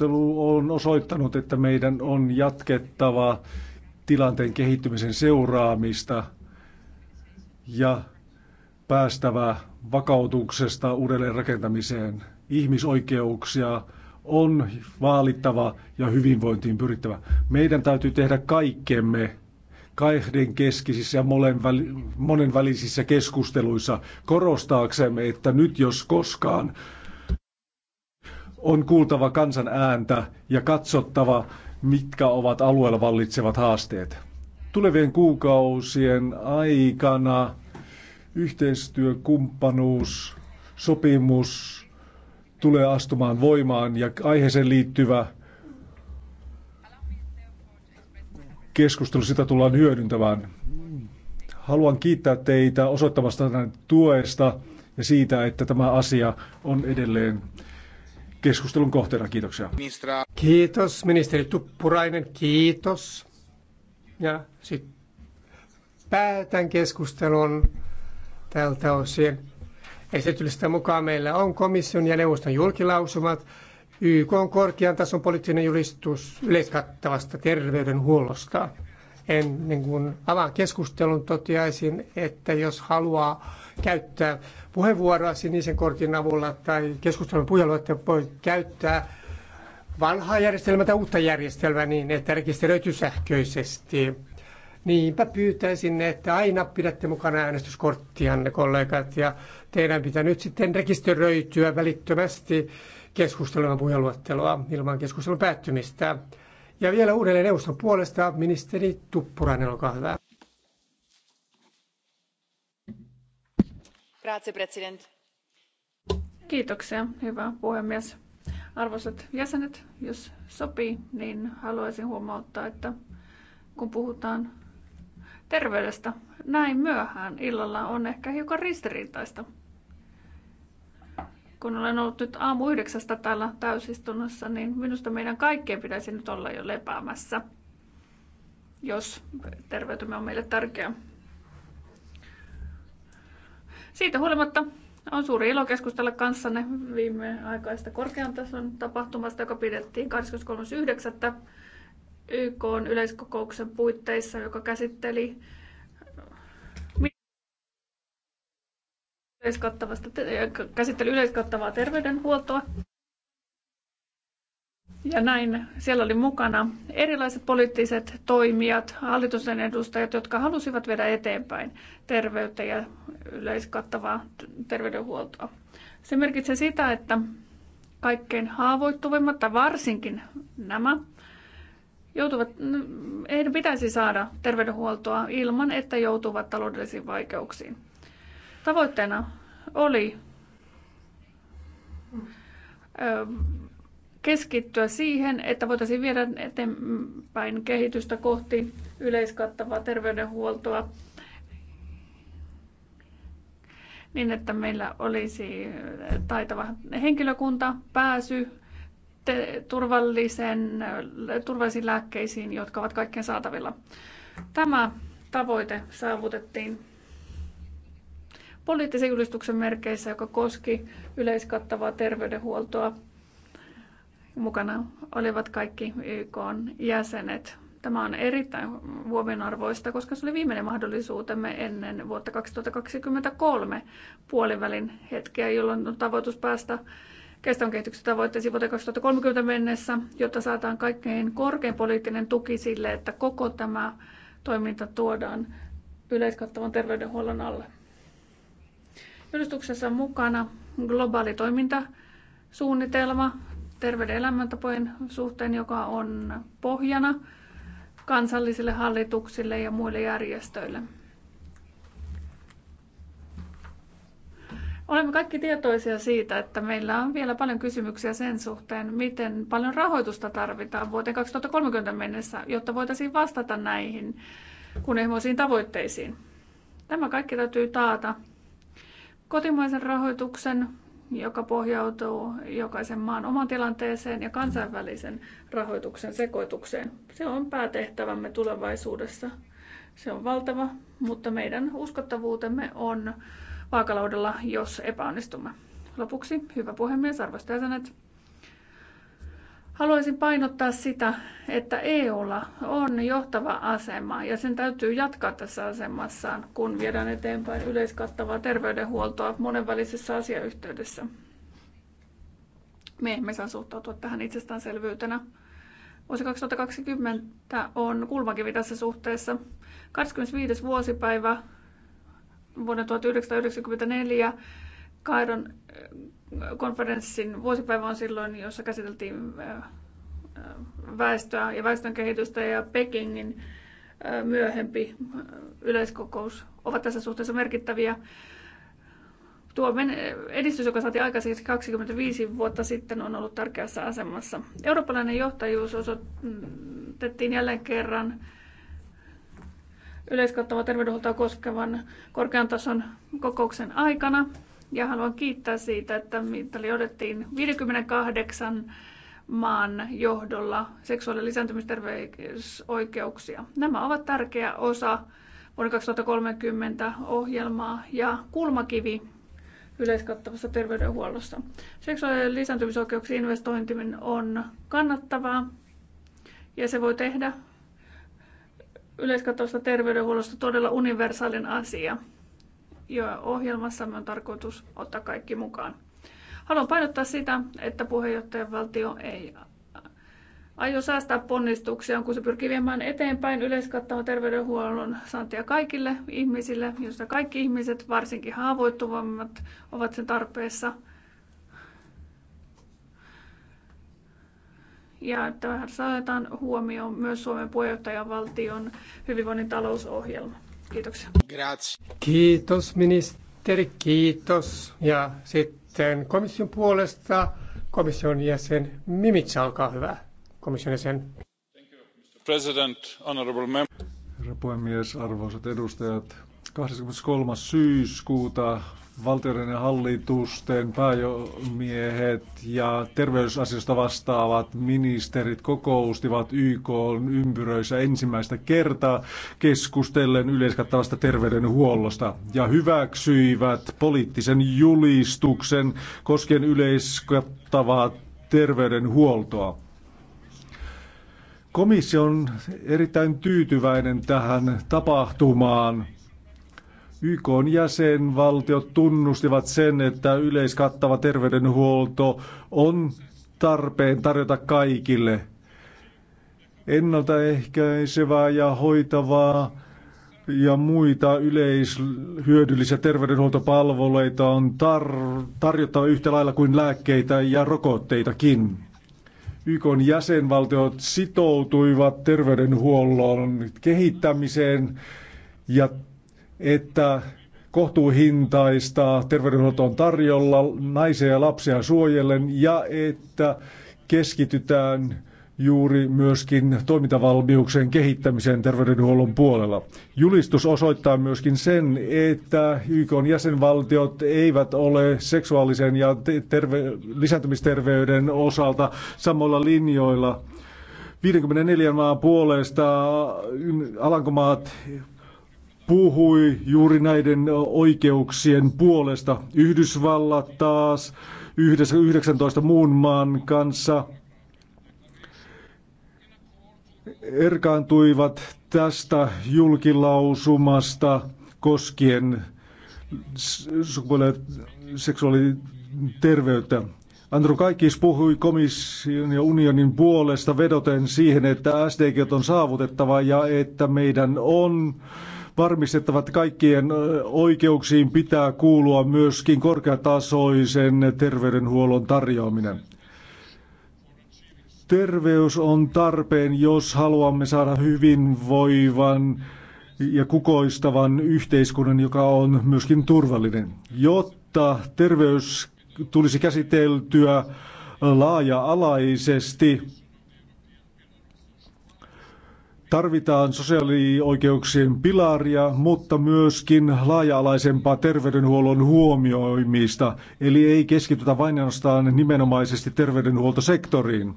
keskustelu on osoittanut, että meidän on jatkettava tilanteen kehittymisen seuraamista ja päästävä vakautuksesta uudelleen rakentamiseen. Ihmisoikeuksia on vaalittava ja hyvinvointiin pyrittävä. Meidän täytyy tehdä kaikkemme kahden keskisissä ja monenvälisissä keskusteluissa korostaaksemme, että nyt jos koskaan on kuultava kansan ääntä ja katsottava, mitkä ovat alueella vallitsevat haasteet. Tulevien kuukausien aikana yhteistyökumppanuus, sopimus tulee astumaan voimaan ja aiheeseen liittyvä keskustelu, sitä tullaan hyödyntämään. Haluan kiittää teitä osoittamasta tuesta ja siitä, että tämä asia on edelleen keskustelun kohteena. Kiitoksia. Kiitos ministeri Tuppurainen, kiitos. Ja sitten päätän keskustelun tältä osin. Esityllistä mukaan meillä on komission ja neuvoston julkilausumat, YK on korkean tason poliittinen julistus yleiskattavasta terveydenhuollosta. Ennen kuin avaan keskustelun, toteaisin, että jos haluaa käyttää puheenvuoroa sinisen kortin avulla tai keskustelun että voi käyttää vanhaa järjestelmää tai uutta järjestelmää niin, että rekisteröity sähköisesti. Niinpä pyytäisin, että aina pidätte mukana äänestyskorttianne, kollegat, ja teidän pitää nyt sitten rekisteröityä välittömästi keskustelun puheenluetteloa ilman keskustelun päättymistä. Ja vielä uudelleen neuvoston puolesta ministeri Tuppurainen, olkaa hyvä. Kiitoksia, hyvä puhemies. Arvoisat jäsenet, jos sopii, niin haluaisin huomauttaa, että kun puhutaan terveydestä, näin myöhään illalla on ehkä hiukan ristiriitaista. Kun olen ollut nyt aamu yhdeksästä täällä täysistunnossa, niin minusta meidän kaikkien pitäisi nyt olla jo lepäämässä, jos terveytemme on meille tärkeä. Siitä huolimatta on suuri ilo keskustella kanssanne viimeaikaista korkean tason tapahtumasta, joka pidettiin 23.9. YK yleiskokouksen puitteissa, joka käsitteli yleiskattavasta, käsitteli yleiskattavaa terveydenhuoltoa. Ja näin siellä oli mukana erilaiset poliittiset toimijat, hallitusten edustajat, jotka halusivat viedä eteenpäin terveyttä ja yleiskattavaa terveydenhuoltoa. Se merkitsee sitä, että kaikkein haavoittuvimmat, tai varsinkin nämä, joutuvat, ei pitäisi saada terveydenhuoltoa ilman, että joutuvat taloudellisiin vaikeuksiin. Tavoitteena oli keskittyä siihen, että voitaisiin viedä eteenpäin kehitystä kohti yleiskattavaa terveydenhuoltoa niin, että meillä olisi taitava henkilökunta, pääsy te- turvallisen, turvallisiin lääkkeisiin, jotka ovat kaikkien saatavilla. Tämä tavoite saavutettiin poliittisen julistuksen merkeissä, joka koski yleiskattavaa terveydenhuoltoa Mukana olivat kaikki YK jäsenet. Tämä on erittäin huomionarvoista, koska se oli viimeinen mahdollisuutemme ennen vuotta 2023 puolivälin hetkeä, jolloin on tavoitus päästä kestävän kehityksen tavoitteisiin vuoteen 2030 mennessä, jotta saadaan kaikkein korkein poliittinen tuki sille, että koko tämä toiminta tuodaan yleiskattavan terveydenhuollon alle. Julistuksessa on mukana globaali toimintasuunnitelma, terveyden elämäntapojen suhteen, joka on pohjana kansallisille hallituksille ja muille järjestöille. Olemme kaikki tietoisia siitä, että meillä on vielä paljon kysymyksiä sen suhteen, miten paljon rahoitusta tarvitaan vuoteen 2030 mennessä, jotta voitaisiin vastata näihin kunnianhimoisiin tavoitteisiin. Tämä kaikki täytyy taata kotimaisen rahoituksen joka pohjautuu jokaisen maan oman tilanteeseen ja kansainvälisen rahoituksen sekoitukseen. Se on päätehtävämme tulevaisuudessa. Se on valtava, mutta meidän uskottavuutemme on vaakalaudella, jos epäonnistumme. Lopuksi, hyvä puhemies, arvoisat jäsenet, Haluaisin painottaa sitä, että EUlla on johtava asema ja sen täytyy jatkaa tässä asemassaan, kun viedään eteenpäin yleiskattavaa terveydenhuoltoa monenvälisessä asiayhteydessä. Me emme saa suhtautua tähän itsestäänselvyytenä. Vuosi 2020 on kulmakivi tässä suhteessa. 25. vuosipäivä vuonna 1994 Kairon konferenssin vuosipäivä on silloin, jossa käsiteltiin äh, väestöä ja väestön kehitystä ja Pekingin äh, myöhempi äh, yleiskokous ovat tässä suhteessa merkittäviä. Tuo edistys, joka saatiin aikaiseksi 25 vuotta sitten, on ollut tärkeässä asemassa. Eurooppalainen johtajuus osoitettiin jälleen kerran yleiskattava terveydenhuoltoa koskevan korkean tason kokouksen aikana ja haluan kiittää siitä, että mittali odettiin 58 maan johdolla seksuaali- ja lisääntymisterveysoikeuksia. Nämä ovat tärkeä osa vuoden 2030 ohjelmaa ja kulmakivi yleiskattavassa terveydenhuollossa. Seksuaali- ja lisääntymisoikeuksien investointiminen on kannattavaa ja se voi tehdä yleiskattavasta terveydenhuollosta todella universaalin asia jo ohjelmassamme on tarkoitus ottaa kaikki mukaan. Haluan painottaa sitä, että puheenjohtajavaltio ei aio säästää ponnistuksiaan, kun se pyrkii viemään eteenpäin yleiskattavan terveydenhuollon saantia kaikille ihmisille, josta kaikki ihmiset, varsinkin haavoittuvammat, ovat sen tarpeessa. Ja tähän saadaan huomioon myös Suomen puheenjohtajavaltion hyvinvoinnin talousohjelma. Kiitoksia. Grazie. Kiitos ministeri, kiitos. Ja sitten komission puolesta komission jäsen Mimitsa, olkaa hyvä. Komission jäsen. President, honorable member. Herra puhemies, arvoisat edustajat, 23. syyskuuta valtioiden hallitusten päämiehet ja terveysasioista vastaavat ministerit kokoustivat YK ympyröissä ensimmäistä kertaa keskustellen yleiskattavasta terveydenhuollosta ja hyväksyivät poliittisen julistuksen koskien yleiskattavaa terveydenhuoltoa. Komissio on erittäin tyytyväinen tähän tapahtumaan – YK on jäsenvaltiot tunnustivat sen, että yleiskattava terveydenhuolto on tarpeen tarjota kaikille. Ennaltaehkäisevää ja hoitavaa ja muita yleishyödyllisiä terveydenhuoltopalveluita on tar- tarjottava yhtä lailla kuin lääkkeitä ja rokotteitakin. YK jäsenvaltiot sitoutuivat terveydenhuollon kehittämiseen ja että kohtuuhintaista terveydenhuoltoa on tarjolla naisia ja lapsia suojellen ja että keskitytään juuri myöskin toimintavalmiuksien kehittämiseen terveydenhuollon puolella. Julistus osoittaa myöskin sen, että YK jäsenvaltiot eivät ole seksuaalisen ja terve- lisääntymisterveyden osalta samoilla linjoilla. 54 maan puolesta Alankomaat, puhui juuri näiden oikeuksien puolesta. Yhdysvallat taas yhdessä 19 muun maan kanssa erkaantuivat tästä julkilausumasta koskien seksuaaliterveyttä. Andrew Kaikis puhui komission ja unionin puolesta vedoten siihen, että SDG on saavutettava ja että meidän on varmistettava, että kaikkien oikeuksiin pitää kuulua myöskin korkeatasoisen terveydenhuollon tarjoaminen. Terveys on tarpeen, jos haluamme saada hyvinvoivan ja kukoistavan yhteiskunnan, joka on myöskin turvallinen. Jotta terveys tulisi käsiteltyä laaja-alaisesti, Tarvitaan sosiaalioikeuksien pilaria, mutta myöskin laaja-alaisempaa terveydenhuollon huomioimista, eli ei keskitytä vain ainoastaan nimenomaisesti terveydenhuoltosektoriin.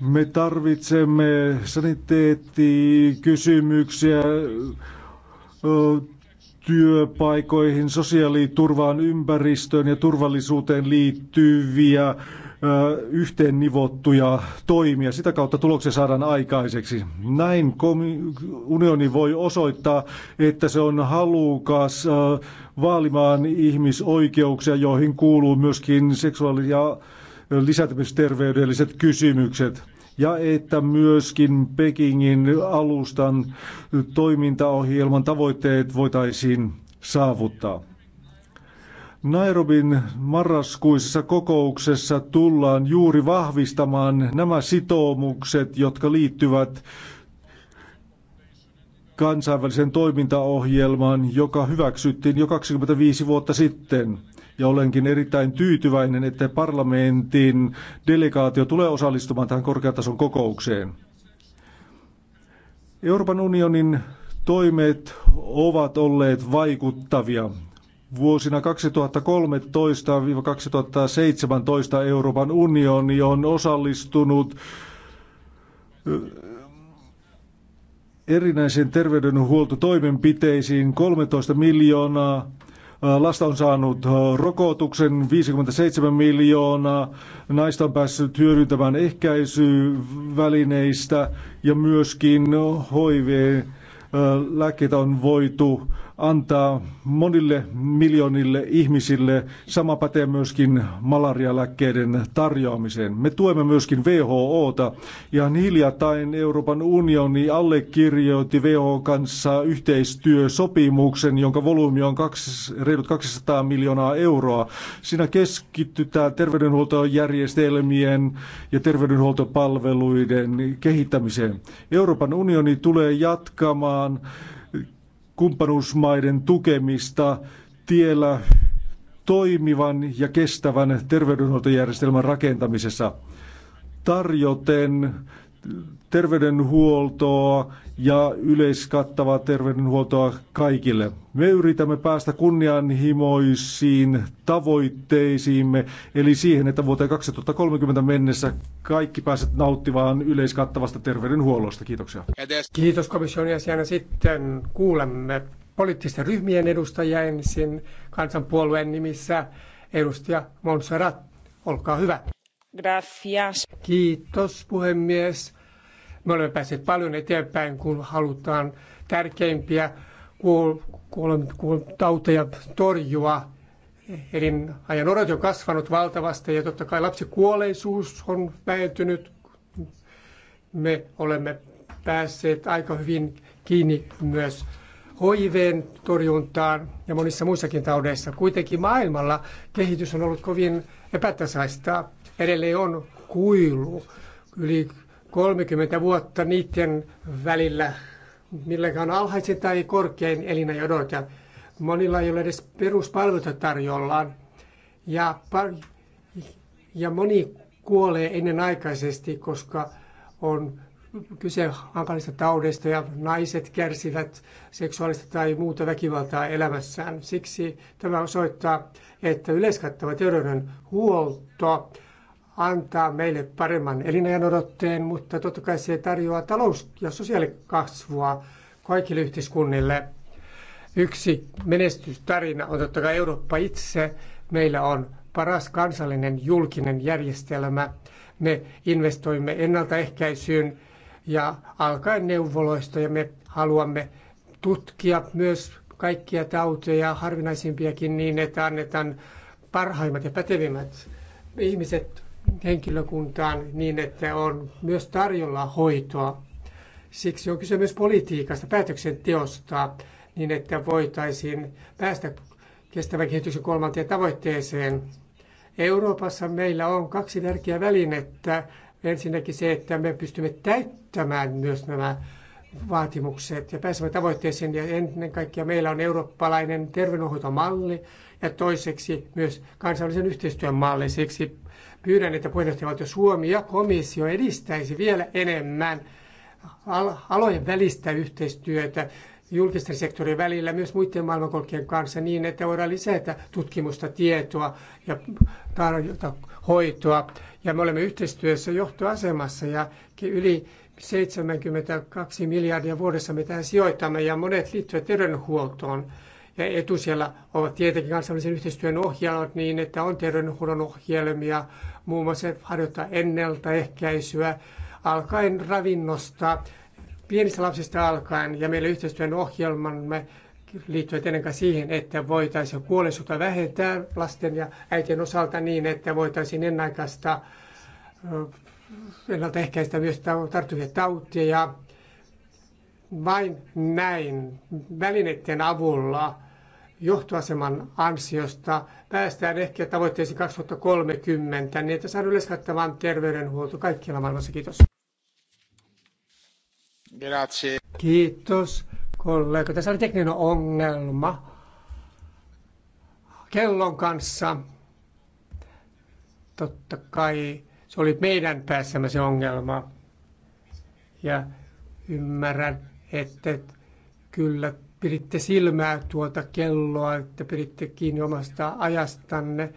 Me tarvitsemme saniteettikysymyksiä, työpaikoihin, sosiaaliturvaan, ympäristöön ja turvallisuuteen liittyviä yhteen nivottuja toimia. Sitä kautta tuloksia saadaan aikaiseksi. Näin unioni voi osoittaa, että se on halukas vaalimaan ihmisoikeuksia, joihin kuuluu myöskin seksuaali- ja lisääntymisterveydelliset kysymykset ja että myöskin Pekingin alustan toimintaohjelman tavoitteet voitaisiin saavuttaa. Nairobin marraskuisessa kokouksessa tullaan juuri vahvistamaan nämä sitoumukset, jotka liittyvät kansainvälisen toimintaohjelman, joka hyväksyttiin jo 25 vuotta sitten ja olenkin erittäin tyytyväinen, että parlamentin delegaatio tulee osallistumaan tähän korkeatason kokoukseen. Euroopan unionin toimet ovat olleet vaikuttavia. Vuosina 2013-2017 Euroopan unioni on osallistunut erinäisiin terveydenhuoltotoimenpiteisiin 13 miljoonaa lasta on saanut rokotuksen 57 miljoonaa, naista on päässyt hyödyntämään ehkäisyvälineistä ja myöskin HIV lääkkeitä on voitu antaa monille miljoonille ihmisille. Sama pätee myöskin malarialääkkeiden tarjoamiseen. Me tuemme myöskin WHOta. Ihan hiljattain Euroopan unioni allekirjoitti WHO kanssa yhteistyösopimuksen, jonka volyymi on kaksi, reilut 200 miljoonaa euroa. Siinä keskitytään terveydenhuoltojärjestelmien ja terveydenhuoltopalveluiden kehittämiseen. Euroopan unioni tulee jatkamaan kumppanuusmaiden tukemista tiellä toimivan ja kestävän terveydenhuoltojärjestelmän rakentamisessa tarjoten terveydenhuoltoa ja yleiskattavaa terveydenhuoltoa kaikille. Me yritämme päästä kunnianhimoisiin tavoitteisiimme, eli siihen, että vuoteen 2030 mennessä kaikki pääset nauttivaan yleiskattavasta terveydenhuollosta. Kiitoksia. Kiitos komission jäsenä. Sitten kuulemme poliittisten ryhmien edustajia ensin kansanpuolueen nimissä. Edustaja Monserrat, olkaa hyvä. Gracias. Kiitos puhemies. Me olemme päässeet paljon eteenpäin, kun halutaan tärkeimpiä tauteja torjua. ajan odot on kasvanut valtavasti ja totta kai lapsikuolleisuus on vähentynyt. Me olemme päässeet aika hyvin kiinni myös hoiveen torjuntaan ja monissa muissakin taudeissa. Kuitenkin maailmalla kehitys on ollut kovin epätasaista. Edelleen on kuilu yli 30 vuotta niiden välillä, milläkään alhaisin tai korkein elinajodot. Ja monilla ei ole edes peruspalveluita tarjollaan. Ja, ja moni kuolee ennenaikaisesti, koska on kyse hankalista taudeista ja naiset kärsivät seksuaalista tai muuta väkivaltaa elämässään. Siksi tämä osoittaa, että yleiskattava terveydenhuolto antaa meille paremman elinajan odotteen, mutta totta kai se tarjoaa talous- ja sosiaalikasvua kaikille yhteiskunnille. Yksi menestystarina on totta kai Eurooppa itse. Meillä on paras kansallinen julkinen järjestelmä. Me investoimme ennaltaehkäisyyn ja alkaen neuvoloista ja me haluamme tutkia myös kaikkia tauteja, harvinaisimpiakin niin, että annetaan parhaimmat ja pätevimmät ihmiset henkilökuntaan niin, että on myös tarjolla hoitoa. Siksi on kyse myös politiikasta, päätöksenteosta, niin että voitaisiin päästä kestävän kehityksen kolmanteen tavoitteeseen. Euroopassa meillä on kaksi tärkeää välinettä. Ensinnäkin se, että me pystymme täyttämään myös nämä vaatimukset ja pääsemme tavoitteeseen. Ja ennen kaikkea meillä on eurooppalainen terveydenhoitomalli ja toiseksi myös kansainvälisen yhteistyön malli. Siksi Pyydän, että puheenjohtajavaltio Suomi ja komissio edistäisi vielä enemmän alojen välistä yhteistyötä julkisten sektorin välillä myös muiden maailmankolkien kanssa niin, että voidaan lisätä tutkimusta, tietoa ja tarjota hoitoa. Ja me olemme yhteistyössä johtoasemassa ja yli 72 miljardia vuodessa me tähän sijoitamme ja monet liittyvät terveydenhuoltoon. Ja etusijalla ovat tietenkin kansainvälisen yhteistyön ohjelmat niin, että on terveydenhuollon ohjelmia, muun muassa harjoittaa ennaltaehkäisyä alkaen ravinnosta, pienistä lapsista alkaen ja meillä yhteistyön ohjelmamme liittyvät ennen kaikkea siihen, että voitaisiin kuolleisuutta vähentää lasten ja äitien osalta niin, että voitaisiin ennaikaista ennaltaehkäistä myös tarttuvia tautia. Vain näin välineiden avulla johtoaseman ansiosta päästään ehkä tavoitteisiin 2030, niin että saadaan yleiskattavan terveydenhuolto kaikkialla maailmassa. Kiitos. Grazie. Kiitos, kollega. Tässä oli tekninen ongelma kellon kanssa. Totta kai se oli meidän päässämme se ongelma. Ja ymmärrän, että kyllä piditte silmää tuota kelloa, että piditte kiinni omasta ajastanne.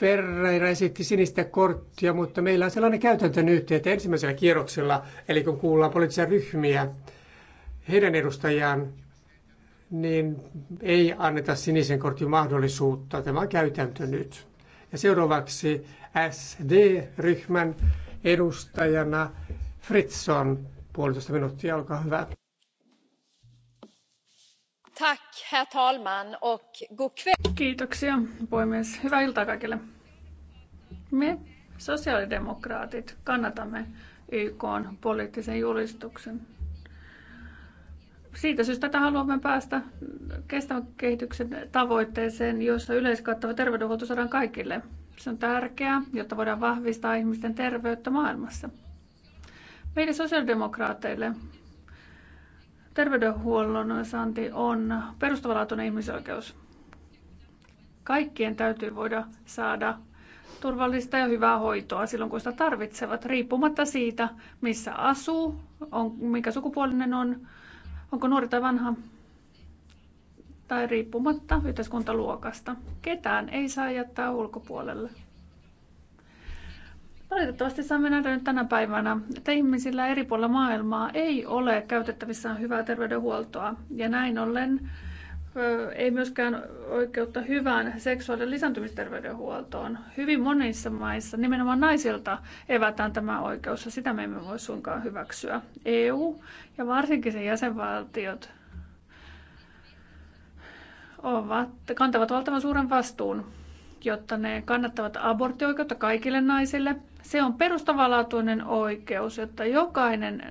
Ferreira esitti sinistä korttia, mutta meillä on sellainen käytäntö nyt, että ensimmäisellä kierroksella, eli kun kuullaan poliittisia ryhmiä, heidän edustajiaan, niin ei anneta sinisen kortin mahdollisuutta. Tämä on käytäntö nyt. Ja seuraavaksi SD-ryhmän edustajana Fritson puolitoista minuuttia, olkaa hyvä herr talman och god kväll. Kiitoksia puhemies. Hyvää iltaa kaikille. Me sosiaalidemokraatit kannatamme YK:n poliittisen julistuksen. Siitä syystä, että haluamme päästä kestävän kehityksen tavoitteeseen, jossa yleiskattava terveydenhuolto saadaan kaikille. Se on tärkeää, jotta voidaan vahvistaa ihmisten terveyttä maailmassa. Meille sosiaalidemokraateille Terveydenhuollon saanti on perustavanlaatuinen ihmisoikeus. Kaikkien täytyy voida saada turvallista ja hyvää hoitoa silloin, kun sitä tarvitsevat, riippumatta siitä, missä asuu, on, mikä sukupuolinen on, onko nuori tai vanha, tai riippumatta yhteiskuntaluokasta. Ketään ei saa jättää ulkopuolelle. Valitettavasti saamme nähdä nyt tänä päivänä, että ihmisillä eri puolilla maailmaa ei ole käytettävissään hyvää terveydenhuoltoa. Ja näin ollen ei myöskään oikeutta hyvään seksuaalisen lisääntymisterveydenhuoltoon. Hyvin monissa maissa nimenomaan naisilta evätään tämä oikeus ja sitä me emme voi suinkaan hyväksyä. EU ja varsinkin sen jäsenvaltiot ovat, kantavat valtavan suuren vastuun, jotta ne kannattavat aborttioikeutta kaikille naisille – se on perustavanlaatuinen oikeus, jotta jokainen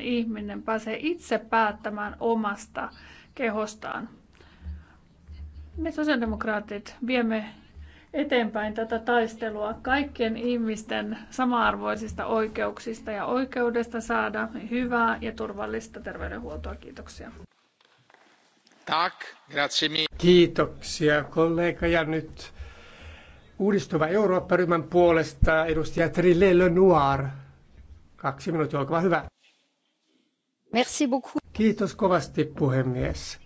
ihminen pääsee itse päättämään omasta kehostaan. Me sosiaalidemokraatit viemme eteenpäin tätä taistelua kaikkien ihmisten samaarvoisista oikeuksista ja oikeudesta saada hyvää ja turvallista terveydenhuoltoa. Kiitoksia. grazie mille. Kiitoksia kollega ja nyt Uudistuva Eurooppa-ryhmän puolesta edustaja Trille Noir. Kaksi minuuttia, olkaa hyvä. Merci beaucoup. Kiitos kovasti puhemies.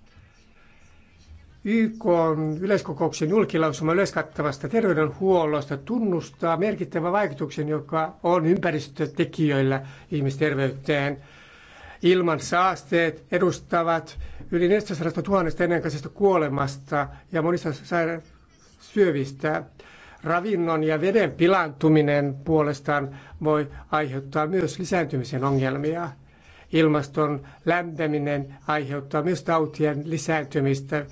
YK on yleiskokouksen julkilausuma yleiskattavasta terveydenhuollosta tunnustaa merkittävän vaikutuksen, joka on ympäristötekijöillä ihmisterveyteen. Ilman saasteet edustavat yli 400 000 ennenkaisesta kuolemasta ja monista saira- syövistä. Ravinnon ja veden pilantuminen puolestaan voi aiheuttaa myös lisääntymisen ongelmia. Ilmaston lämpeneminen aiheuttaa myös tautien lisääntymistä,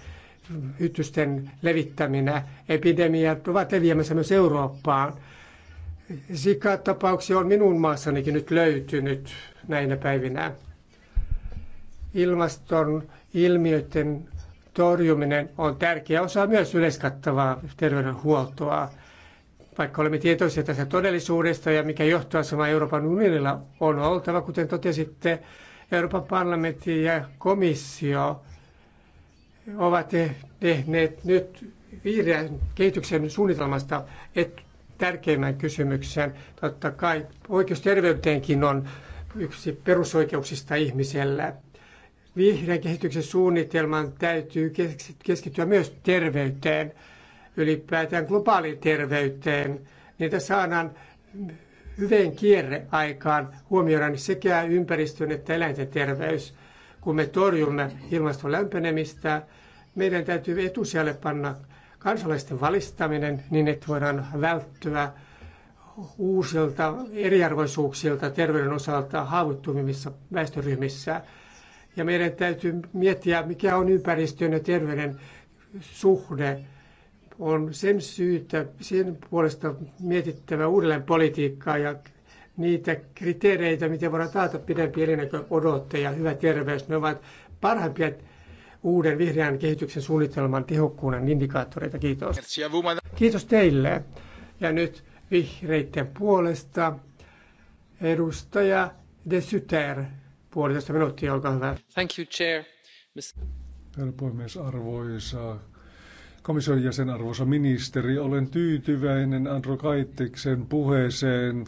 hytysten levittäminen. Epidemiat ovat leviämässä myös Eurooppaan. Sika-tapauksia on minun maassanikin nyt löytynyt näinä päivinä. Ilmaston ilmiöiden torjuminen on tärkeä osa myös yleiskattavaa terveydenhuoltoa. Vaikka olemme tietoisia tästä todellisuudesta ja mikä johtoasema Euroopan unionilla on oltava, kuten totesitte, Euroopan parlamentti ja komissio ovat tehneet nyt vihreän kehityksen suunnitelmasta et tärkeimmän kysymyksen. Totta kai oikeus terveyteenkin on yksi perusoikeuksista ihmisellä. Vihreän kehityksen suunnitelman täytyy keskittyä myös terveyteen ylipäätään globaaliterveyteen, niitä saadaan hyvän kierre aikaan huomioidaan sekä ympäristön että eläinten terveys. Kun me torjumme ilmaston lämpenemistä, meidän täytyy etusijalle panna kansalaisten valistaminen niin, että voidaan välttyä uusilta eriarvoisuuksilta terveyden osalta haavoittuvimmissa väestöryhmissä. Ja meidän täytyy miettiä, mikä on ympäristön ja terveyden suhde on sen syytä, sen puolesta mietittävä uudelleen politiikkaa ja niitä kriteereitä, miten voidaan taata pidempi odotte ja hyvä terveys. Ne ovat parhaimpia uuden vihreän kehityksen suunnitelman tehokkuuden indikaattoreita. Kiitos. Kiitos teille. Ja nyt vihreiden puolesta edustaja De Syter, puolitoista minuuttia, olkaa hyvä. Thank you, Chair. Herra puhemies, arvoisa Komission jäsen arvoisa ministeri, olen tyytyväinen Andro Kaitiksen puheeseen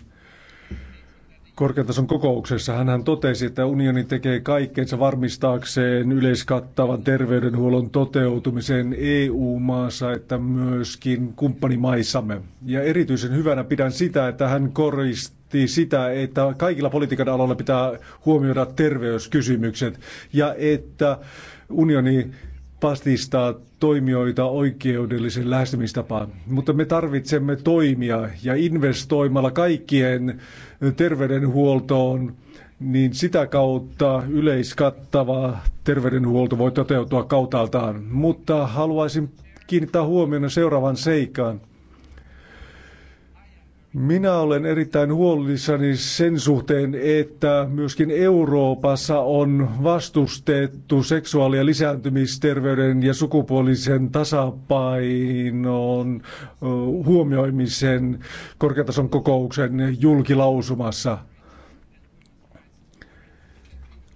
korkeatason kokouksessa. Hän totesi, että unioni tekee kaikkeensa varmistaakseen yleiskattavan terveydenhuollon toteutumisen EU-maassa, että myöskin kumppanimaissamme. Ja erityisen hyvänä pidän sitä, että hän koristi sitä, että kaikilla politiikan aloilla pitää huomioida terveyskysymykset ja että unioni vastistaa toimijoita oikeudellisen lähestymistapaan. Mutta me tarvitsemme toimia ja investoimalla kaikkien terveydenhuoltoon, niin sitä kautta yleiskattava terveydenhuolto voi toteutua kautaltaan. Mutta haluaisin kiinnittää huomioon seuraavan seikan. Minä olen erittäin huolissani sen suhteen, että myöskin Euroopassa on vastustettu seksuaali- ja lisääntymisterveyden ja sukupuolisen tasapainon huomioimisen korkeatason kokouksen julkilausumassa.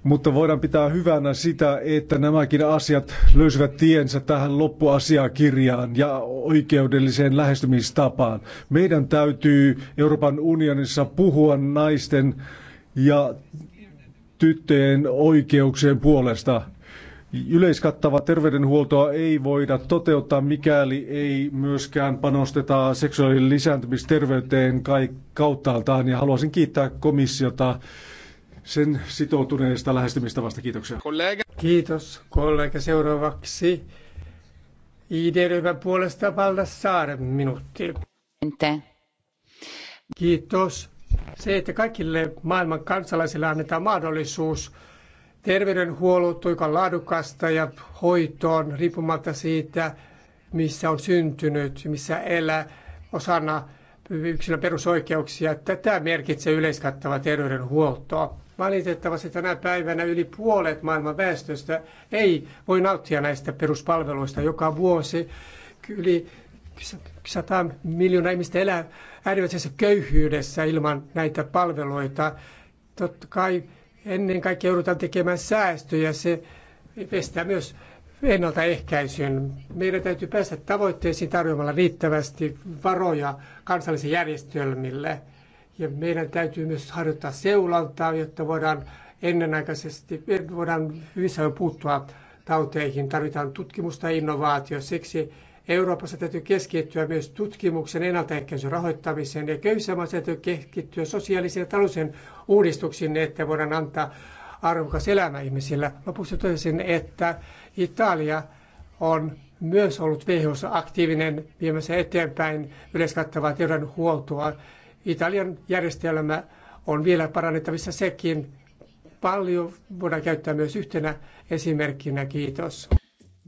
Mutta voidaan pitää hyvänä sitä, että nämäkin asiat löysivät tiensä tähän loppuasiakirjaan ja oikeudelliseen lähestymistapaan. Meidän täytyy Euroopan unionissa puhua naisten ja tyttöjen oikeuksien puolesta. Yleiskattavaa terveydenhuoltoa ei voida toteuttaa, mikäli ei myöskään panosteta seksuaalisen lisääntymisterveyteen kauttaaltaan. Ja haluaisin kiittää komissiota sen sitoutuneesta lähestymistavasta. Kiitoksia. Kollega. Kiitos kollega. Seuraavaksi ID-ryhmän puolesta Valda Saaren minuutti. Ente. Kiitos. Se, että kaikille maailman kansalaisille annetaan mahdollisuus terveydenhuollon joka on laadukasta ja hoitoon, riippumatta siitä, missä on syntynyt, missä elää osana yksilön perusoikeuksia. Tätä merkitsee yleiskattava terveydenhuoltoa. Valitettavasti tänä päivänä yli puolet maailman väestöstä ei voi nauttia näistä peruspalveluista joka vuosi. Yli 100 miljoonaa ihmistä elää äärimmäisessä köyhyydessä ilman näitä palveluita. Totta kai ennen kaikkea joudutaan tekemään säästöjä. Se estää myös ennaltaehkäisyyn. Meidän täytyy päästä tavoitteisiin tarjoamalla riittävästi varoja kansallisille järjestelmille – ja meidän täytyy myös harjoittaa seulantaa, jotta voidaan ennenaikaisesti, voidaan hyvissä puuttua tauteihin. Tarvitaan tutkimusta ja innovaatio. Siksi Euroopassa täytyy keskittyä myös tutkimuksen ennaltaehkäisyn rahoittamiseen ja köyhissä täytyy keskittyä sosiaalisiin ja taloudelliseen uudistuksiin, niin että voidaan antaa arvokas elämä ihmisille. Lopuksi toisin, että Italia on myös ollut who aktiivinen viemässä eteenpäin yleiskattavaa terveydenhuoltoa Italian järjestelmä on vielä parannettavissa sekin. Paljon voidaan käyttää myös yhtenä esimerkkinä. Kiitos.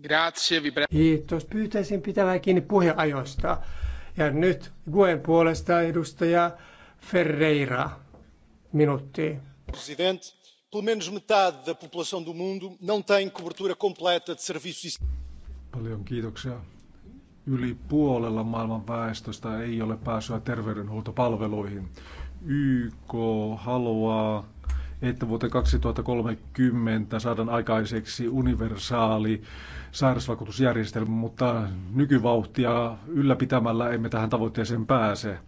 Grazie, Kiitos. Pyytäisin pitämään kiinni puheajoista. Ja nyt Guen puolesta edustaja Ferreira. Minuutti. President, pelo menos metade da população do mundo não tem cobertura completa de serviços. Paljon kiitoksia Yli puolella maailman väestöstä ei ole pääsyä terveydenhuoltopalveluihin. YK haluaa, että vuoteen 2030 saadaan aikaiseksi universaali sairausvakuutusjärjestelmä, mutta nykyvauhtia ylläpitämällä emme tähän tavoitteeseen pääse.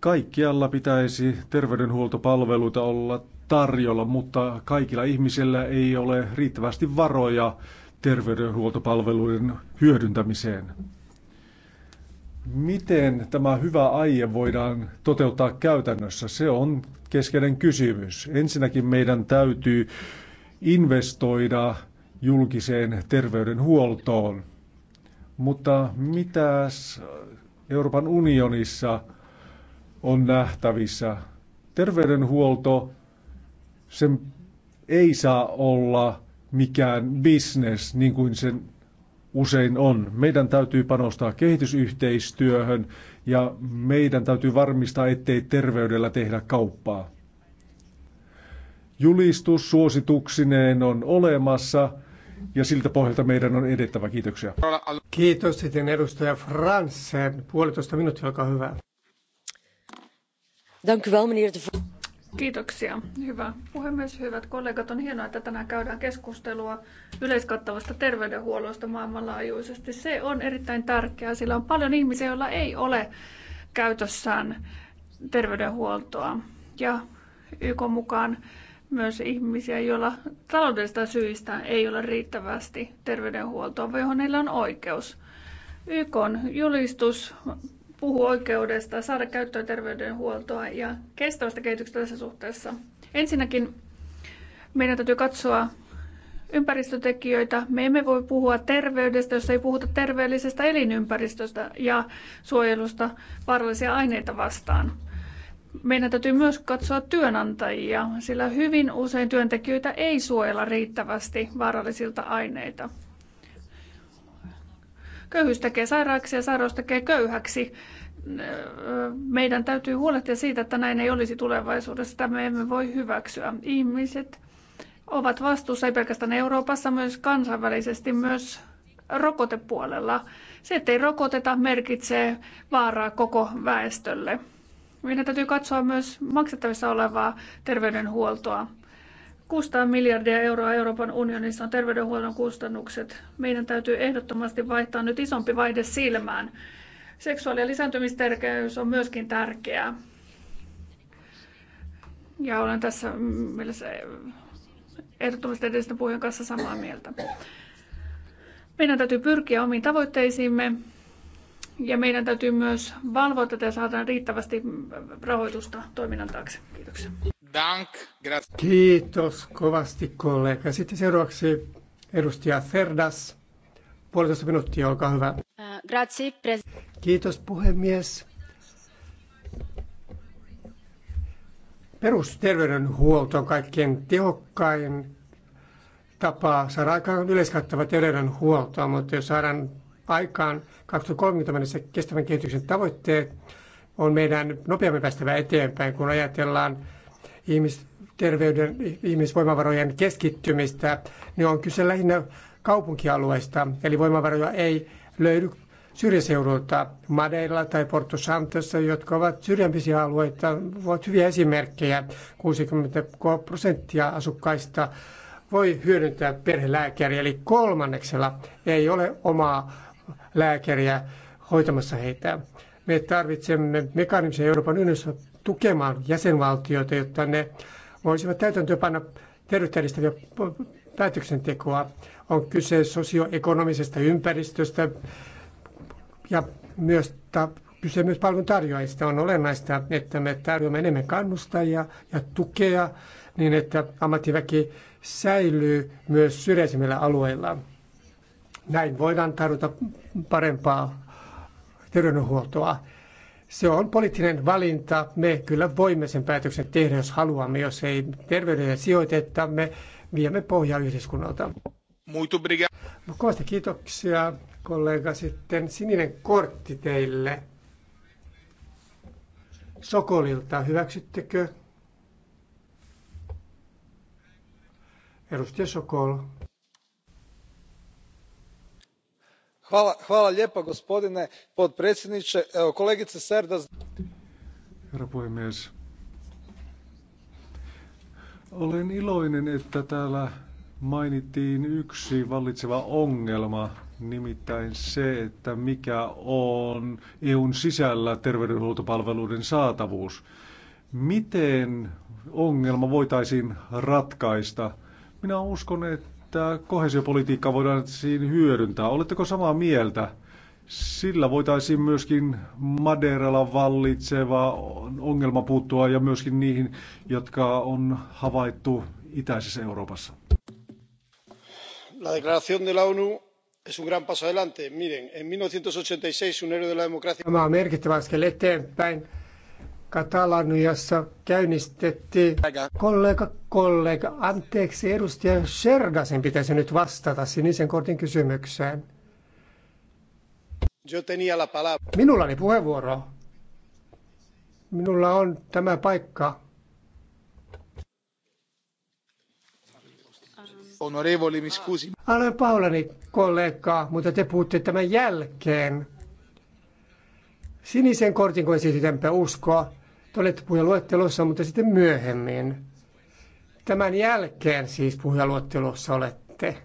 Kaikkialla pitäisi terveydenhuoltopalveluita olla tarjolla, mutta kaikilla ihmisillä ei ole riittävästi varoja terveydenhuoltopalveluiden hyödyntämiseen. Miten tämä hyvä aie voidaan toteuttaa käytännössä? Se on keskeinen kysymys. Ensinnäkin meidän täytyy investoida julkiseen terveydenhuoltoon. Mutta mitä Euroopan unionissa on nähtävissä? Terveydenhuolto, sen ei saa olla mikään bisnes, niin kuin sen usein on. Meidän täytyy panostaa kehitysyhteistyöhön ja meidän täytyy varmistaa, ettei terveydellä tehdä kauppaa. Julistus suosituksineen on olemassa ja siltä pohjalta meidän on edettävä. Kiitoksia. Kiitos sitten edustaja Fransen. Puolitoista minuuttia, olkaa hyvä. Dank u wel, meneer de Kiitoksia, hyvä puhemies, hyvät kollegat. On hienoa, että tänään käydään keskustelua yleiskattavasta terveydenhuollosta maailmanlaajuisesti. Se on erittäin tärkeää, sillä on paljon ihmisiä, joilla ei ole käytössään terveydenhuoltoa. Ja YK mukaan myös ihmisiä, joilla taloudellisista syistä ei ole riittävästi terveydenhuoltoa, johon heillä on oikeus. YK julistus puhuu oikeudesta saada käyttöön terveydenhuoltoa ja kestävästä kehityksestä tässä suhteessa. Ensinnäkin meidän täytyy katsoa ympäristötekijöitä. Me emme voi puhua terveydestä, jos ei puhuta terveellisestä elinympäristöstä ja suojelusta vaarallisia aineita vastaan. Meidän täytyy myös katsoa työnantajia, sillä hyvin usein työntekijöitä ei suojella riittävästi vaarallisilta aineita. Köyhyys tekee sairaaksi ja sairaus tekee köyhäksi. Meidän täytyy huolehtia siitä, että näin ei olisi tulevaisuudessa. Sitä me emme voi hyväksyä. Ihmiset ovat vastuussa ei pelkästään Euroopassa, myös kansainvälisesti, myös rokotepuolella. Se, ei rokoteta, merkitsee vaaraa koko väestölle. Meidän täytyy katsoa myös maksettavissa olevaa terveydenhuoltoa. 600 miljardia euroa Euroopan unionissa on terveydenhuollon kustannukset. Meidän täytyy ehdottomasti vaihtaa nyt isompi vaihde silmään. Seksuaali- ja lisääntymisterkeys on myöskin tärkeää. Ja olen tässä mielessä ehdottomasti edellisten puhujan kanssa samaa mieltä. Meidän täytyy pyrkiä omiin tavoitteisiimme ja meidän täytyy myös valvoa tätä ja saada riittävästi rahoitusta toiminnan taakse. Kiitoksia. Dank, Kiitos kovasti kollega. Sitten seuraavaksi edustaja Ferdas. Puolitoista minuuttia, olkaa hyvä. Äh, Kiitos puhemies. Perusterveydenhuolto on kaikkein tehokkain tapa saada aikaan yleiskattava terveydenhuolto, mutta jos saadaan aikaan 2030 mennessä kestävän kehityksen tavoitteet, on meidän nopeammin päästävä eteenpäin, kun ajatellaan ihmisterveyden, ihmisvoimavarojen keskittymistä, niin on kyse lähinnä kaupunkialueista, eli voimavaroja ei löydy syrjäseudulta. Madeilla tai Porto Santossa, jotka ovat syrjämpisiä alueita, ovat hyviä esimerkkejä. 60 prosenttia asukkaista voi hyödyntää perhelääkäriä, eli kolmanneksella ei ole omaa lääkäriä hoitamassa heitä. Me tarvitsemme mekanismia Euroopan unionissa tukemaan jäsenvaltioita, jotta ne voisivat täytäntöönpanna terveyttä edistäviä päätöksentekoa. On kyse sosioekonomisesta ympäristöstä ja myös kyse myös palvelun tarjoajista. On olennaista, että me tarjoamme enemmän kannustajia ja tukea niin, että ammattiväki säilyy myös syrjäisimmillä alueilla. Näin voidaan tarjota parempaa terveydenhuoltoa. Se on poliittinen valinta. Me kyllä voimme sen päätöksen tehdä, jos haluamme. Jos ei sijoitetta, me viemme pohjaa yhdyskunnalta. Muito obrigado. Kovasti kiitoksia, kollega. Sitten sininen kortti teille. Sokolilta, hyväksyttekö? Edustaja Sokol. gospodine puhemies olen iloinen että täällä mainittiin yksi vallitseva ongelma nimittäin se että mikä on eun sisällä terveydenhuoltopalveluiden saatavuus. miten ongelma voitaisiin ratkaista? minä uskon että että kohesiopolitiikkaa voidaan siinä hyödyntää. Oletteko samaa mieltä? Sillä voitaisiin myöskin Madeiralla vallitseva ongelma puuttua ja myöskin niihin, jotka on havaittu itäisessä Euroopassa. La declaración de la ONU es un gran paso adelante. Miren, en 1986 un héroe de la democracia... Tämä on merkittävä askel eteenpäin. Katalaniassa käynnistettiin. Kollega, kollega, anteeksi, edustaja Sherdasen pitäisi nyt vastata sinisen kortin kysymykseen. Minulla oli puheenvuoro. Minulla on tämä paikka. Onorevoli, mi scusi. Olen paulani kollega, mutta te puhutte tämän jälkeen. Sinisen kortin, kun esititänpä uskoa, te olette puheenluettelossa, mutta sitten myöhemmin. Tämän jälkeen siis puheenluettelossa olette.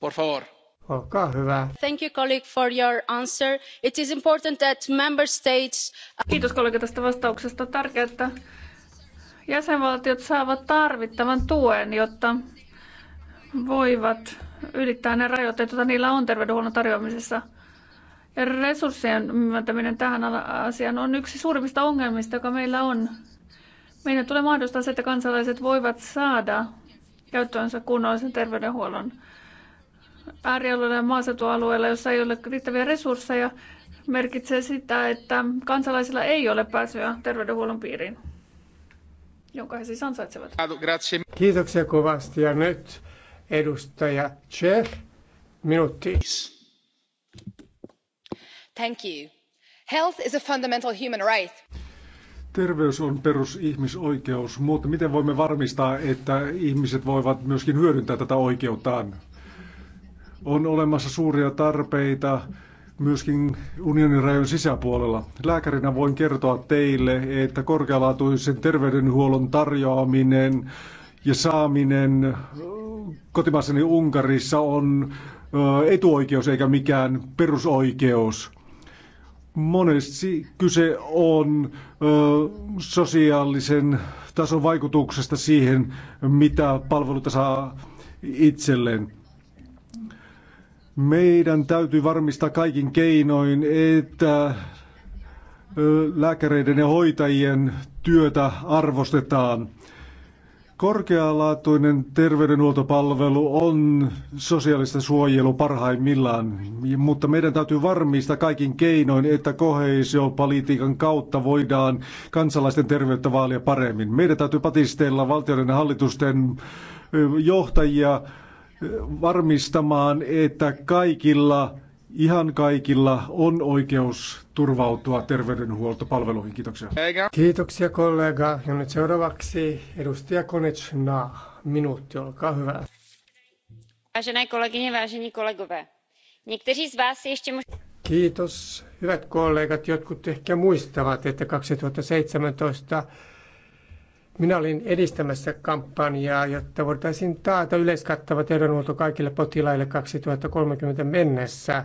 Por favor. Olkaa hyvä. Thank you, colleague, for your answer. It is important that member states... Kiitos kollega tästä vastauksesta. Tärkeää, että jäsenvaltiot saavat tarvittavan tuen, jotta voivat ylittää ne rajoitteet, joita niillä on terveydenhuollon tarjoamisessa – Resurssien myöntäminen tähän asiaan on yksi suurimmista ongelmista, joka meillä on. Meidän tulee mahdollistaa se, että kansalaiset voivat saada käyttöönsä kunnollisen terveydenhuollon äärialueilla ja maaseutualueilla, jossa ei ole riittäviä resursseja, merkitsee sitä, että kansalaisilla ei ole pääsyä terveydenhuollon piiriin, jonka he siis ansaitsevat. Kiitoksia kovasti ja nyt edustaja Tseh, minuutti. Peace. Terveys on perusihmisoikeus, mutta miten voimme varmistaa, että ihmiset voivat myöskin hyödyntää tätä oikeuttaan? On olemassa suuria tarpeita myöskin unionin rajojen sisäpuolella. Lääkärinä voin kertoa teille, että korkealaatuisen terveydenhuollon tarjoaminen ja saaminen kotimaassani Unkarissa on etuoikeus eikä mikään perusoikeus. Monesti kyse on ö, sosiaalisen tason vaikutuksesta siihen, mitä palveluita saa itselleen. Meidän täytyy varmistaa kaikin keinoin, että lääkäreiden ja hoitajien työtä arvostetaan. Korkealaatuinen terveydenhuoltopalvelu on sosiaalista suojelu parhaimmillaan, mutta meidän täytyy varmistaa kaikin keinoin, että koheesiopolitiikan kautta voidaan kansalaisten terveyttä vaalia paremmin. Meidän täytyy patistella valtioiden hallitusten johtajia varmistamaan, että kaikilla Ihan kaikilla on oikeus turvautua terveydenhuoltopalveluihin. Kiitoksia. Kiitoksia kollega. Ja nyt seuraavaksi edustaja Konechna. Minuutti, olkaa hyvä. Vážené kolegyně, vážení kolegové. Někteří z vás ještě Kiitos. Hyvät kollegat, jotkut ehkä muistavat, että 2017 minä olin edistämässä kampanjaa, jotta voitaisiin taata yleiskattava terveydenhuolto kaikille potilaille 2030 mennessä.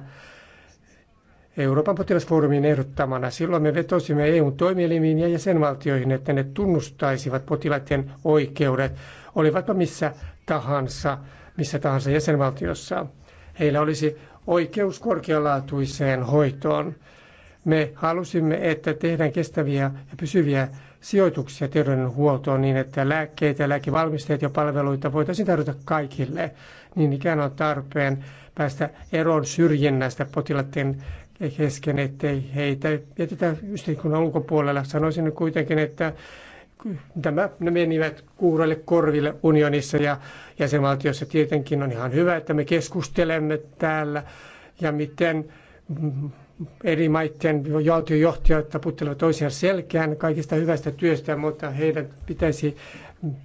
Euroopan potilasfoorumin ehdottamana. Silloin me vetosimme EUn toimielimiin ja jäsenvaltioihin, että ne tunnustaisivat potilaiden oikeudet, olivatpa missä tahansa, missä tahansa jäsenvaltiossa. Heillä olisi oikeus korkealaatuiseen hoitoon. Me halusimme, että tehdään kestäviä ja pysyviä sijoituksia terveydenhuoltoon niin, että lääkkeitä, lääkevalmisteita ja palveluita voitaisiin tarjota kaikille. Niin ikään on tarpeen päästä eroon syrjinnästä potilaiden kesken, ettei heitä jätetä yhteiskunnan ulkopuolella. Sanoisin kuitenkin, että tämä, ne menivät kuuroille korville unionissa ja jäsenvaltiossa tietenkin on ihan hyvä, että me keskustelemme täällä ja miten eri maiden valtiojohtajat taputtelevat toisiaan selkään kaikista hyvästä työstä, mutta heidän pitäisi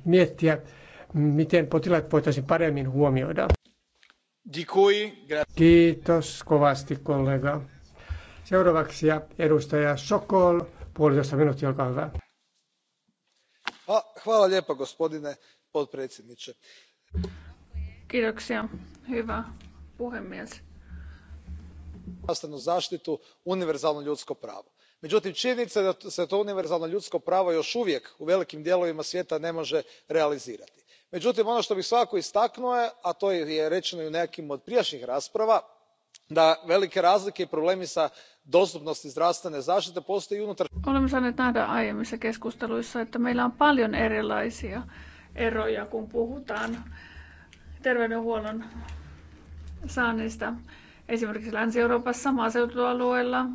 miettiä, miten potilaat voitaisiin paremmin huomioida. Kiitos kovasti kollega. Seuraavaksi edustaja Sokol, puolitoista minuuttia, olkaa hyvä. Hvala lijepa gospodine potpredsjedniče. Kiitoksia, hyvä puhemies zdravstvenu zaštitu univerzalno ljudsko pravo. međutim činjenica je da se to univerzalno ljudsko pravo još uvijek u velikim dijelovima svijeta ne može realizirati. međutim ono što bih svakako istaknuo a to je rečeno i u nekim od prijašnjih rasprava da velike razlike i problemi s dostupnosti zdravstvene zaštite postoje i unutar. olemme saaneet nähdä aiemmissa keskusteluissa että meillä on paljon erilaisia eroja kun puhutaan terveydenhuollon saannista Esimerkiksi Länsi-Euroopassa maaseutualueilla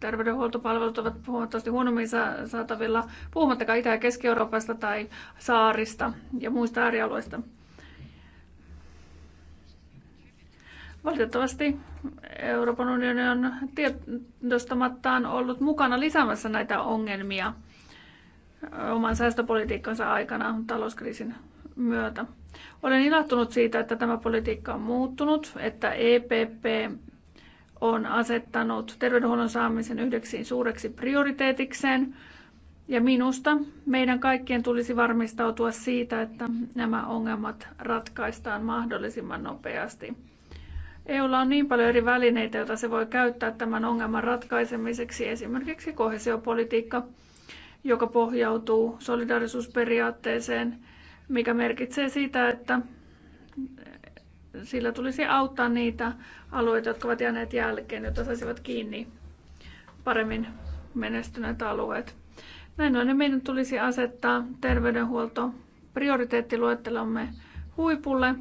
terveydenhuoltopalvelut ovat huomattavasti huonommin saatavilla, puhumattakaan Itä- ja Keski-Euroopasta tai saarista ja muista äärialueista. Valitettavasti Euroopan unioni on tiedostamattaan ollut mukana lisäämässä näitä ongelmia oman säästöpolitiikkansa aikana talouskriisin myötä. Olen ilahtunut siitä, että tämä politiikka on muuttunut, että EPP on asettanut terveydenhuollon saamisen yhdeksi suureksi prioriteetikseen. Ja minusta meidän kaikkien tulisi varmistautua siitä, että nämä ongelmat ratkaistaan mahdollisimman nopeasti. EUlla on niin paljon eri välineitä, joita se voi käyttää tämän ongelman ratkaisemiseksi, esimerkiksi kohesiopolitiikka, joka pohjautuu solidaarisuusperiaatteeseen – mikä merkitsee sitä, että sillä tulisi auttaa niitä alueita, jotka ovat jääneet jälkeen, jotta saisivat kiinni paremmin menestyneet alueet. Näin ollen meidän tulisi asettaa terveydenhuolto prioriteettiluettelomme huipulle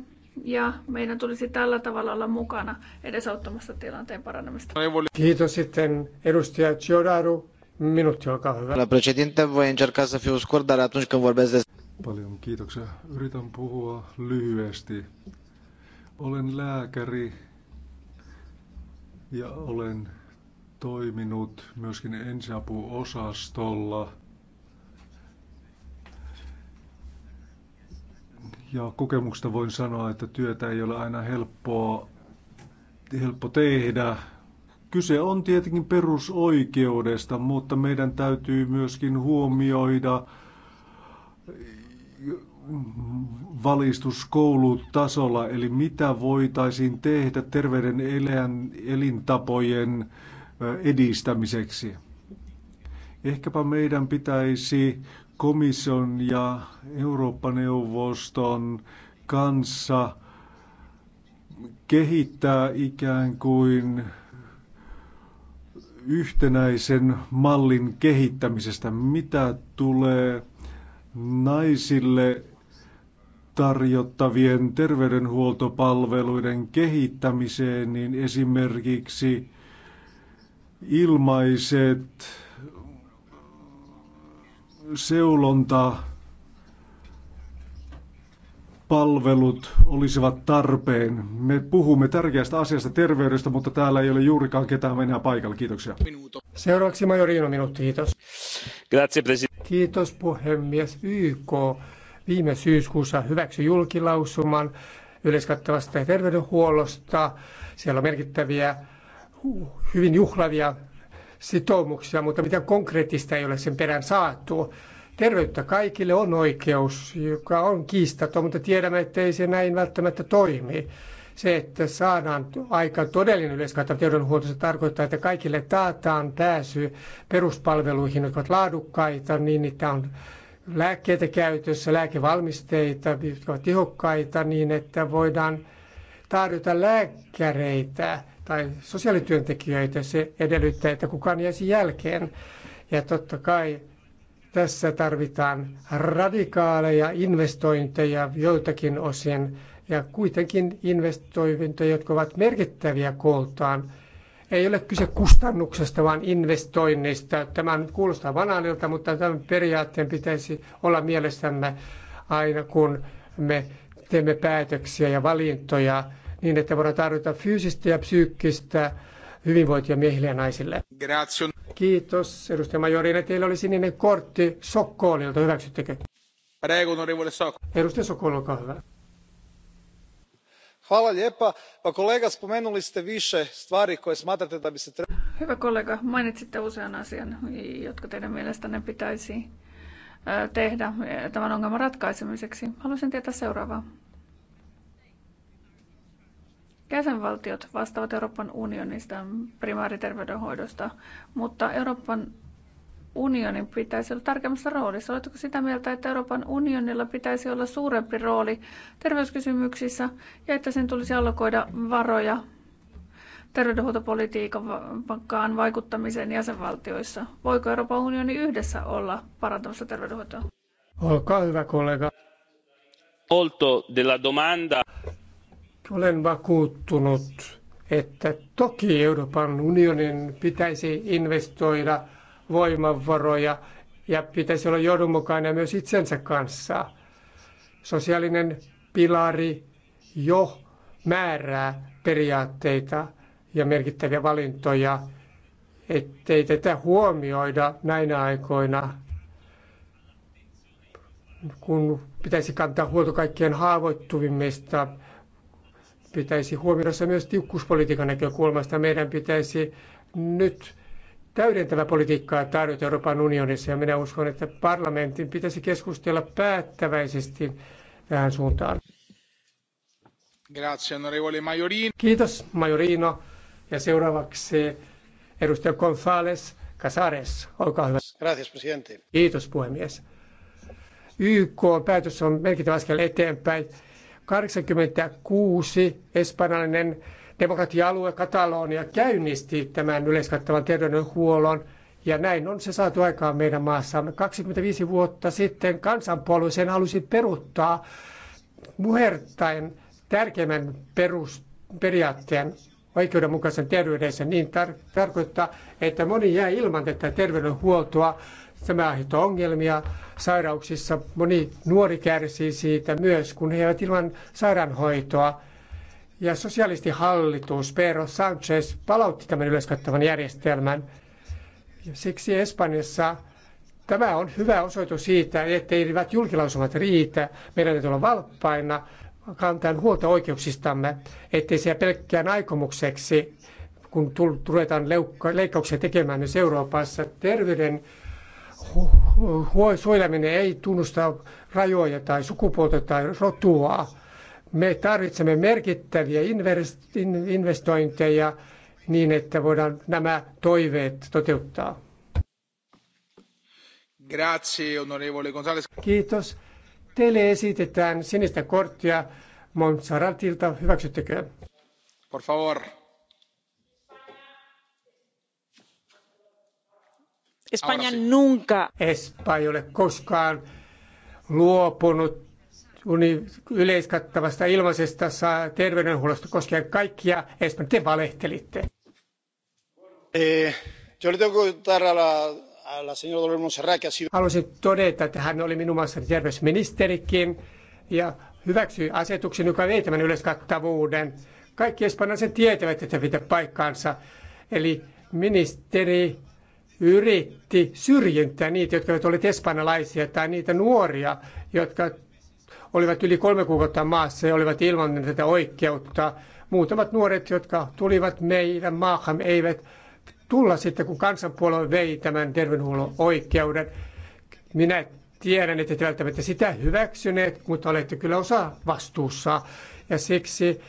ja meidän tulisi tällä tavalla olla mukana edesauttamassa tilanteen parannemista. Kiitos sitten edustaja Ciodaru. Minuutti, olkaa hyvä. La precedente voi încerca să fiu scurt, dar atunci când vorbesc Paljon kiitoksia. Yritän puhua lyhyesti. Olen lääkäri ja olen toiminut myöskin ensiapuosastolla. Ja kokemuksesta voin sanoa, että työtä ei ole aina helppoa, helppo tehdä. Kyse on tietenkin perusoikeudesta, mutta meidän täytyy myöskin huomioida valistuskoulutasolla, eli mitä voitaisiin tehdä terveyden elintapojen edistämiseksi. Ehkäpä meidän pitäisi komission ja Eurooppa-neuvoston kanssa kehittää ikään kuin yhtenäisen mallin kehittämisestä, mitä tulee naisille tarjottavien terveydenhuoltopalveluiden kehittämiseen, niin esimerkiksi ilmaiset seulonta palvelut olisivat tarpeen. Me puhumme tärkeästä asiasta terveydestä, mutta täällä ei ole juurikaan ketään enää paikalla. Kiitoksia. Seuraavaksi Majoriino minuutti, kiitos. Grazie, kiitos puhemies. YK viime syyskuussa hyväksyi julkilausuman yleiskattavasta terveydenhuollosta. Siellä on merkittäviä, hyvin juhlavia sitoumuksia, mutta mitä konkreettista ei ole sen perään saatu. Terveyttä kaikille on oikeus, joka on kiistaton, mutta tiedämme, että ei se näin välttämättä toimi. Se, että saadaan aika todellinen yleiskattava terveydenhuolto, se tarkoittaa, että kaikille taataan pääsy peruspalveluihin, jotka ovat laadukkaita, niin niitä on lääkkeitä käytössä, lääkevalmisteita, jotka ovat tehokkaita, niin että voidaan tarjota lääkäreitä tai sosiaalityöntekijöitä. Se edellyttää, että kukaan jäisi jälkeen. Ja totta kai tässä tarvitaan radikaaleja investointeja joiltakin osin ja kuitenkin investointeja, jotka ovat merkittäviä kooltaan. Ei ole kyse kustannuksesta, vaan investoinnista. Tämä nyt kuulostaa banaalilta, mutta tämän periaatteen pitäisi olla mielessämme aina, kun me teemme päätöksiä ja valintoja niin, että voidaan tarjota fyysistä ja psyykkistä hyvinvointia miehille ja naisille. Grazie. Kiitos, edustaja Majorina. Teillä oli sininen kortti Sokkoolilta. Hyväksyttekö? Prego, onorevole Sokko. Edustaja Sokkool, olkaa hyvä. Hvala lijepa. Pa kolega, spomenuli ste više stvari koje smatrate da bi se tre. Hyvä kollega, mainitsitte usean asian, jotka teidän mielestänne pitäisi tehdä tämän ongelman ratkaisemiseksi. Haluaisin tietää seuraavaa. Jäsenvaltiot vastaavat Euroopan unionista primääriterveydenhoidosta, mutta Euroopan unionin pitäisi olla tarkemmassa roolissa. Oletko sitä mieltä, että Euroopan unionilla pitäisi olla suurempi rooli terveyskysymyksissä ja että sen tulisi allokoida varoja terveydenhuoltopolitiikan vaikuttamiseen jäsenvaltioissa? Voiko Euroopan unioni yhdessä olla parantamassa terveydenhoitoa? Olkaa hyvä kollega. Molto della domanda. Olen vakuuttunut, että toki Euroopan unionin pitäisi investoida voimavaroja ja pitäisi olla johdonmukainen myös itsensä kanssa. Sosiaalinen pilari jo määrää periaatteita ja merkittäviä valintoja, ettei tätä huomioida näinä aikoina, kun pitäisi kantaa huolta kaikkien haavoittuvimmista pitäisi huomioida se myös tiukkuuspolitiikan näkökulmasta. Meidän pitäisi nyt täydentävä politiikkaa tarjota Euroopan unionissa ja minä uskon, että parlamentin pitäisi keskustella päättäväisesti tähän suuntaan. Grazie, onorevole Majorino. Kiitos, Majorino. Ja seuraavaksi edustaja González Casares, olkaa hyvä. Gracias, presidente. Kiitos, puhemies. YK päätös on merkittävä askel eteenpäin 1986 espanjalainen demokratia-alue Katalonia käynnisti tämän yleiskattavan terveydenhuollon ja näin on se saatu aikaan meidän maassamme. 25 vuotta sitten kansanpuolue sen halusi peruuttaa muhertain tärkeimmän perusperiaatteen oikeudenmukaisen terveydessä niin tar- tarkoittaa, että moni jää ilman tätä terveydenhuoltoa Tämä aiheuttaa ongelmia sairauksissa. Moni nuori kärsii siitä myös, kun he eivät ilman sairaanhoitoa. Ja sosialistihallitus Pedro Sanchez palautti tämän yleiskattavan järjestelmän. Ja siksi Espanjassa tämä on hyvä osoitus siitä, eivät julkilausumat riitä. Meidän täytyy olla valppaina, kantaa huolta oikeuksistamme, ettei se pelkkään aikomukseksi, kun ruvetaan leikkauksia tekemään myös Euroopassa. Terveyden suojeleminen ei tunnusta rajoja tai sukupuolta tai rotua. Me tarvitsemme merkittäviä investointeja niin, että voidaan nämä toiveet toteuttaa. Grazie, onorevole Gonzales. Kiitos. Teille esitetään sinistä korttia Montserratilta. Hyväksyttekö? Por favor. España nunca. Espanja ei ole koskaan luopunut yleiskattavasta ilmaisesta saa terveydenhuollosta koskien kaikkia Espanja, Te valehtelitte. Eh, yo le tengo que a la Haluaisin todeta, että hän oli minun maassani terveysministerikin ja hyväksyi asetuksen, joka vei tämän yleiskattavuuden. Kaikki espanjalaiset tietävät, että pitää paikkaansa. Eli ministeri yritti syrjintää niitä, jotka eivät olleet espanjalaisia, tai niitä nuoria, jotka olivat yli kolme kuukautta maassa ja olivat ilman tätä oikeutta. Muutamat nuoret, jotka tulivat meidän maahan, eivät tulla sitten, kun kansanpuolue vei tämän terveydenhuollon oikeuden. Minä tiedän, että te välttämättä sitä hyväksyneet, mutta olette kyllä osa vastuussa. Ja siksi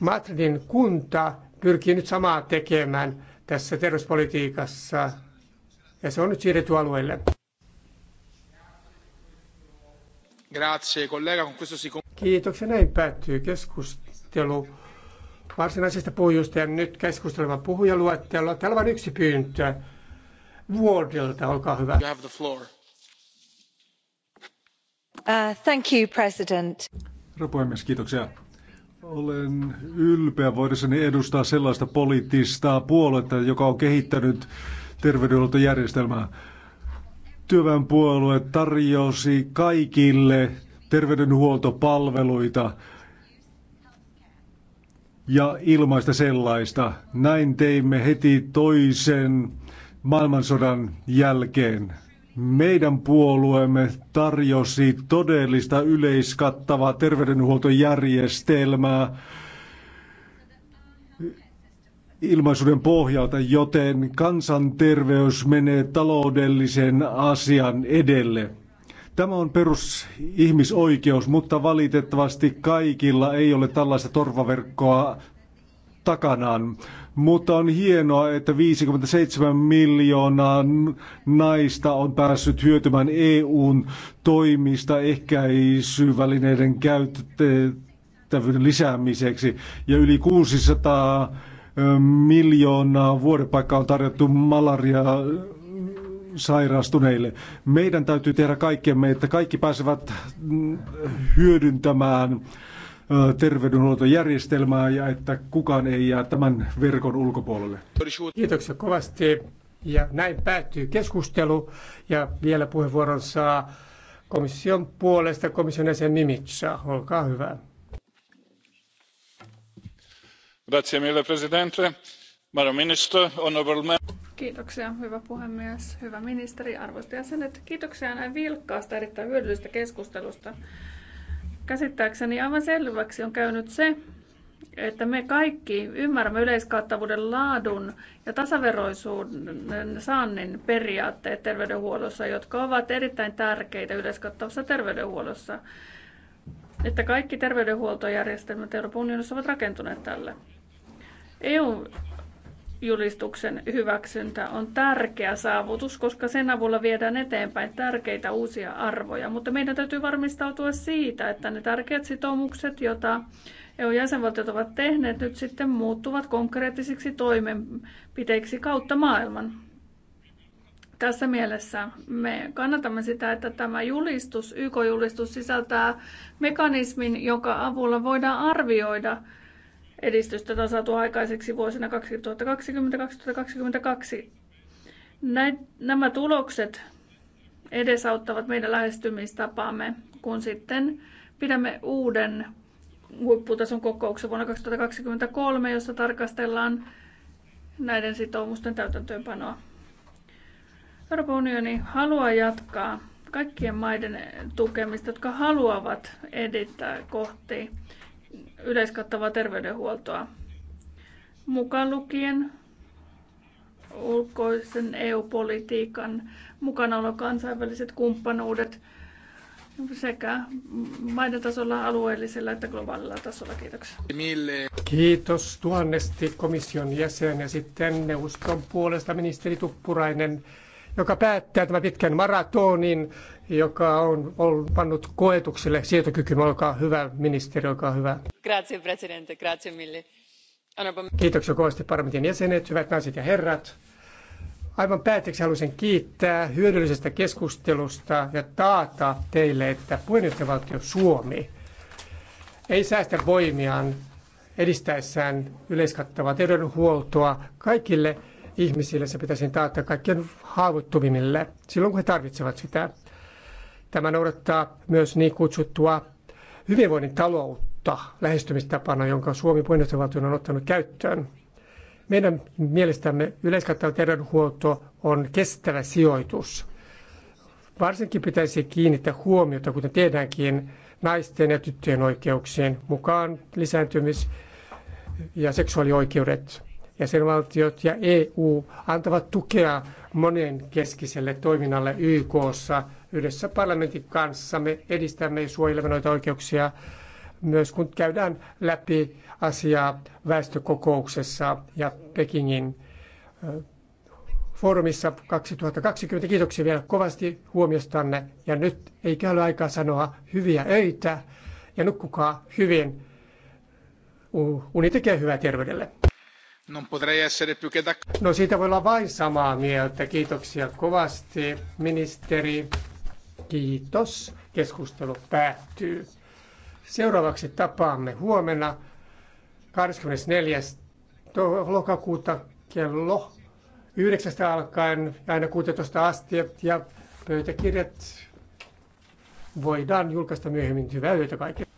Madridin kunta pyrkii nyt samaa tekemään tässä terveyspolitiikassa ja se on nyt siirretty alueelle. Kiitoksia. Näin päättyy keskustelu varsinaisesta puhujusta ja nyt keskusteleva puhujaluettelo. Täällä on vain yksi pyyntö. Wardilta, olkaa hyvä. You have the floor. Uh, thank you, President. Herra puhemies, kiitoksia. Olen ylpeä voidessani edustaa sellaista poliittista puoluetta, joka on kehittänyt terveydenhuoltojärjestelmää. Työväenpuolue tarjosi kaikille terveydenhuoltopalveluita ja ilmaista sellaista. Näin teimme heti toisen maailmansodan jälkeen. Meidän puolueemme tarjosi todellista yleiskattavaa terveydenhuoltojärjestelmää ilmaisuuden pohjalta, joten kansanterveys menee taloudellisen asian edelle. Tämä on perusihmisoikeus, mutta valitettavasti kaikilla ei ole tällaista torvaverkkoa takanaan. Mutta on hienoa, että 57 miljoonaa naista on päässyt hyötymään EUn toimista ehkäisyvälineiden käytettävyyden lisäämiseksi ja yli 600 miljoonaa vuodepaikkaa on tarjottu malaria sairastuneille. Meidän täytyy tehdä kaikkemme, että kaikki pääsevät mm, hyödyntämään terveydenhuoltojärjestelmää ja että kukaan ei jää tämän verkon ulkopuolelle. Kiitoksia kovasti. Ja näin päättyy keskustelu ja vielä puheenvuoron saa komission puolesta komission jäsen Mimitsa. Olkaa hyvä arvoisa puhemies hyvä ministeri arvoisat jäsenet kiitoksia näin vilkkaasta erittäin hyödyllisestä keskustelusta. käsittääkseni aivan selväksi on käynyt se että me kaikki ymmärrämme yleiskattavuuden laadun ja tasaveroisuuden saannin periaatteet terveydenhuollossa jotka ovat erittäin tärkeitä yleiskattavassa terveydenhuollossa että kaikki terveydenhuoltojärjestelmät Euroopan unionissa ovat rakentuneet tälle. EU-julistuksen hyväksyntä on tärkeä saavutus, koska sen avulla viedään eteenpäin tärkeitä uusia arvoja. Mutta meidän täytyy varmistautua siitä, että ne tärkeät sitoumukset, joita EU-jäsenvaltiot ovat tehneet, nyt sitten muuttuvat konkreettisiksi toimenpiteiksi kautta maailman. Tässä mielessä me kannatamme sitä, että tämä julistus, YK-julistus sisältää mekanismin, jonka avulla voidaan arvioida Edistystä on saatu aikaiseksi vuosina 2020-2022. nämä tulokset edesauttavat meidän lähestymistapaamme, kun sitten pidämme uuden huipputason kokouksen vuonna 2023, jossa tarkastellaan näiden sitoumusten täytäntöönpanoa. Euroopan unioni haluaa jatkaa kaikkien maiden tukemista, jotka haluavat edittää kohti yleiskattavaa terveydenhuoltoa, mukaan lukien ulkoisen EU-politiikan mukanaolo, kansainväliset kumppanuudet sekä maiden tasolla, alueellisella että globaalilla tasolla. Kiitoksia. Kiitos tuhannesti komission jäsen ja sitten neuvoston puolesta ministeri Tuppurainen joka päättää tämän pitkän maratonin, joka on, on pannut koetukselle sietokykymme. Olkaa hyvä, ministeri, olkaa hyvä. Grazie, presidente, grazie mille. Kiitoksia kovasti parlamentin jäsenet, hyvät naiset ja herrat. Aivan päätteeksi haluaisin kiittää hyödyllisestä keskustelusta ja taata teille, että puheenjohtajavaltio Suomi ei säästä voimiaan edistäessään yleiskattavaa terveydenhuoltoa kaikille – ihmisille, se pitäisi taata kaikkien haavoittuvimmille silloin, kun he tarvitsevat sitä. Tämä noudattaa myös niin kutsuttua hyvinvoinnin taloutta lähestymistapana, jonka Suomi puheenjohtajavaltiona on ottanut käyttöön. Meidän mielestämme yleiskattava terveydenhuolto on kestävä sijoitus. Varsinkin pitäisi kiinnittää huomiota, kuten tehdäänkin, naisten ja tyttöjen oikeuksiin mukaan lisääntymis- ja seksuaalioikeudet jäsenvaltiot ja EU antavat tukea monen keskiselle toiminnalle YKssa. Yhdessä parlamentin kanssa me edistämme ja suojelemme noita oikeuksia myös kun käydään läpi asiaa väestökokouksessa ja Pekingin foorumissa 2020. Kiitoksia vielä kovasti huomiostanne ja nyt ei ole aikaa sanoa hyviä öitä ja nukkukaa hyvin. Uni tekee hyvää terveydelle. Non potrei essere più che d'accordo. No siitä voi olla vain samaa mieltä. Kiitoksia kovasti, ministeri. Kiitos. Keskustelu päättyy. Seuraavaksi tapaamme huomenna 24. lokakuuta kello 9 alkaen aina 16 asti ja pöytäkirjat voidaan julkaista myöhemmin. Hyvää yötä kaikille.